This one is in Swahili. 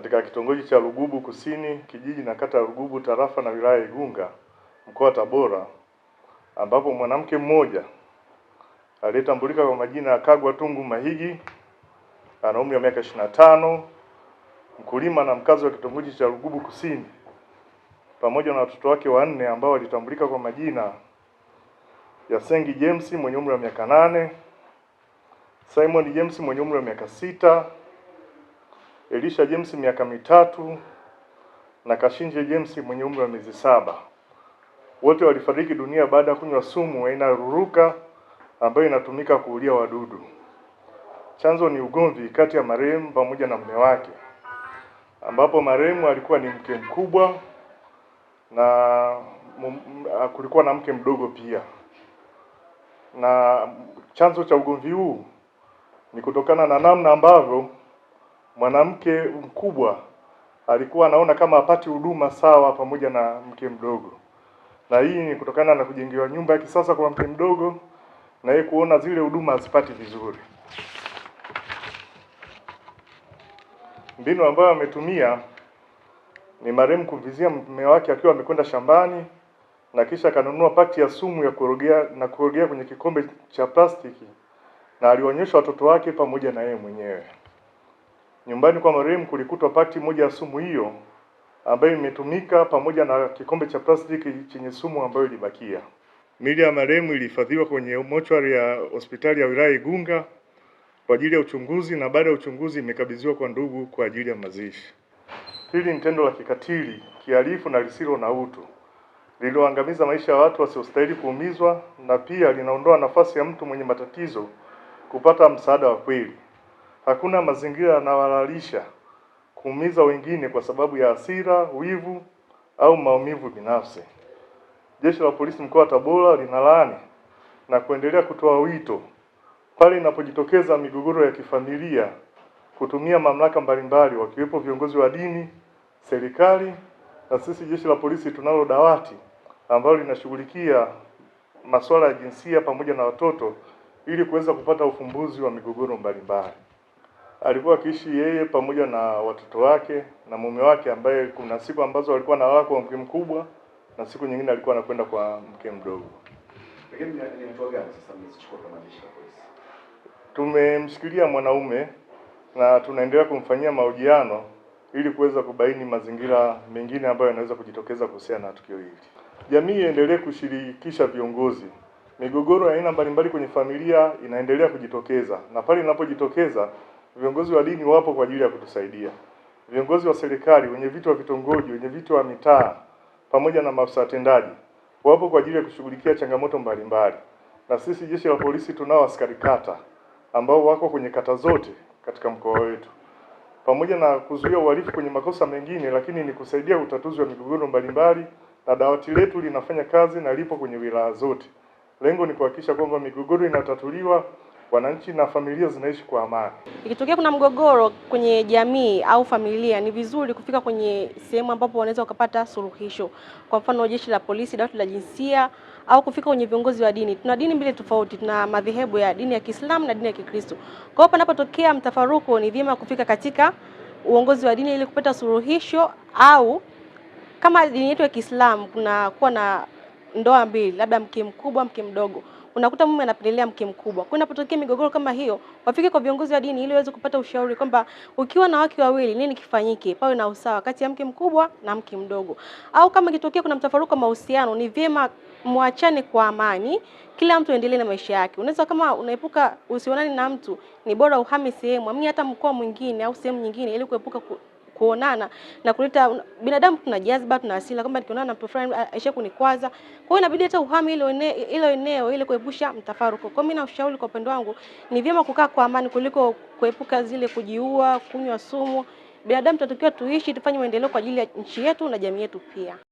katika kitongoji cha Lugubu Kusini, kijiji na kata ya Lugubu, tarafa na wilaya ya Igunga, mkoa wa Tabora, ambapo mwanamke mmoja aliyetambulika kwa majina ya Kagwa Tungu Mahigi ana umri wa miaka ishirini na tano, mkulima na mkazi wa kitongoji cha Lugubu Kusini, pamoja na watoto wake wanne ambao walitambulika kwa majina ya Sengi James mwenye umri wa miaka nane, Simon James mwenye umri wa miaka sita Elisha James miaka mitatu na Kashinje James mwenye umri wa miezi saba. Wote walifariki dunia baada ya kunywa sumu aina ya ruruka ambayo inatumika kuulia wadudu. Chanzo ni ugomvi kati ya marehemu pamoja na mume wake, ambapo marehemu alikuwa ni mke mkubwa na kulikuwa na mke mdogo pia. Na chanzo cha ugomvi huu ni kutokana na namna ambavyo mwanamke mkubwa alikuwa anaona kama apati huduma sawa pamoja na mke mdogo, na hii ni kutokana na kujengewa nyumba ya kisasa kwa mke mdogo, na yeye kuona zile huduma hazipati vizuri. Mbinu ambayo ametumia ni marehemu kumvizia mume wake akiwa amekwenda shambani, na kisha akanunua pakti ya sumu ya kurogea na kurogea kwenye kikombe cha plastiki, na alionyesha watoto wake pamoja na yeye mwenyewe. Nyumbani kwa marehemu kulikutwa pakiti moja ya sumu hiyo ambayo imetumika pamoja na kikombe cha plastiki chenye sumu ambayo ilibakia. Mili ya marehemu ilihifadhiwa kwenye mochwari ya hospitali ya wilaya Igunga kwa ajili ya uchunguzi na baada ya uchunguzi imekabidhiwa kwa ndugu kwa ajili ya mazishi. Hili ni tendo la kikatili, kihalifu na lisilo na utu lililoangamiza maisha ya watu wasiostahili kuumizwa na pia linaondoa nafasi ya mtu mwenye matatizo kupata msaada wa kweli. Hakuna mazingira yanayohalalisha kuumiza wengine kwa sababu ya hasira, wivu au maumivu binafsi. Jeshi la Polisi mkoa wa Tabora linalaani na kuendelea kutoa wito pale inapojitokeza migogoro ya kifamilia kutumia mamlaka mbalimbali wakiwepo viongozi wa dini, serikali na sisi jeshi la polisi tunalo dawati ambalo linashughulikia masuala ya jinsia pamoja na watoto ili kuweza kupata ufumbuzi wa migogoro mbalimbali alikuwa akiishi yeye pamoja na watoto wake na mume wake, ambaye kuna siku ambazo alikuwa analala kwa mke mkubwa na siku nyingine alikuwa anakwenda kwa mke mdogo. Tumemshikilia mwanaume na tunaendelea kumfanyia mahojiano ili kuweza kubaini mazingira mengine ambayo yanaweza kujitokeza kuhusiana na tukio hili. Jamii iendelee kushirikisha viongozi. Migogoro ya aina mbalimbali kwenye familia inaendelea kujitokeza na pale inapojitokeza Viongozi wa dini wapo kwa ajili ya kutusaidia, viongozi wa serikali, wenye vitu wa vitongoji, wenye vitu wa mitaa, pamoja na maafisa watendaji wapo kwa ajili ya kushughulikia changamoto mbalimbali. Na sisi jeshi la polisi tunao askari kata ambao wako kwenye kata zote katika mkoa wetu, pamoja na kuzuia uhalifu kwenye makosa mengine, lakini ni kusaidia utatuzi wa migogoro mbalimbali, na dawati letu linafanya kazi na lipo kwenye wilaya zote. Lengo ni kuhakikisha kwamba migogoro inatatuliwa wananchi na familia zinaishi kwa amani. Ikitokea kuna mgogoro kwenye jamii au familia, ni vizuri kufika kwenye sehemu ambapo wanaweza wakapata suluhisho, kwa mfano jeshi la polisi, dawati la jinsia, au kufika kwenye viongozi wa dini. Tuna dini mbili tofauti, tuna madhehebu ya dini ya Kiislamu na dini ya Kikristo. Kwa hiyo panapotokea mtafaruko, ni vyema kufika katika uongozi wa dini ili kupata suluhisho, au kama dini yetu ya Kiislamu kuna kuwa na ndoa mbili, labda mke mkubwa, mke mdogo unakuta mume anapendelea mke mkubwa. Kwa inapotokea migogoro kama hiyo, wafike kwa viongozi wa dini ili waweze kupata ushauri kwamba ukiwa na wake wawili nini kifanyike, pawe na usawa kati ya mke mkubwa na mke mdogo. Au kama ikitokea kuna mtafaruku wa mahusiano, ni vyema mwachane kwa amani, kila mtu endelee na maisha yake. Unaweza kama unaepuka usionani na mtu, ni bora uhame sehemu, amini hata mkoa mwingine au sehemu nyingine, ili kuepuka kuonana na kuleta binadamu, tuna jazba, tuna asila kwamba nikionana na mtu fulani aisha kunikwaza. Kwa hiyo inabidi hata uhami ile eneo ile eneo ile kuepusha mtafaruko. Kwa mimi na ushauri kwa upendo wangu, ni vyema kukaa kwa amani kuliko kuepuka zile kujiua, kunywa sumu. Binadamu tunatakiwa tuishi, tufanye maendeleo kwa ajili ya nchi yetu na jamii yetu pia.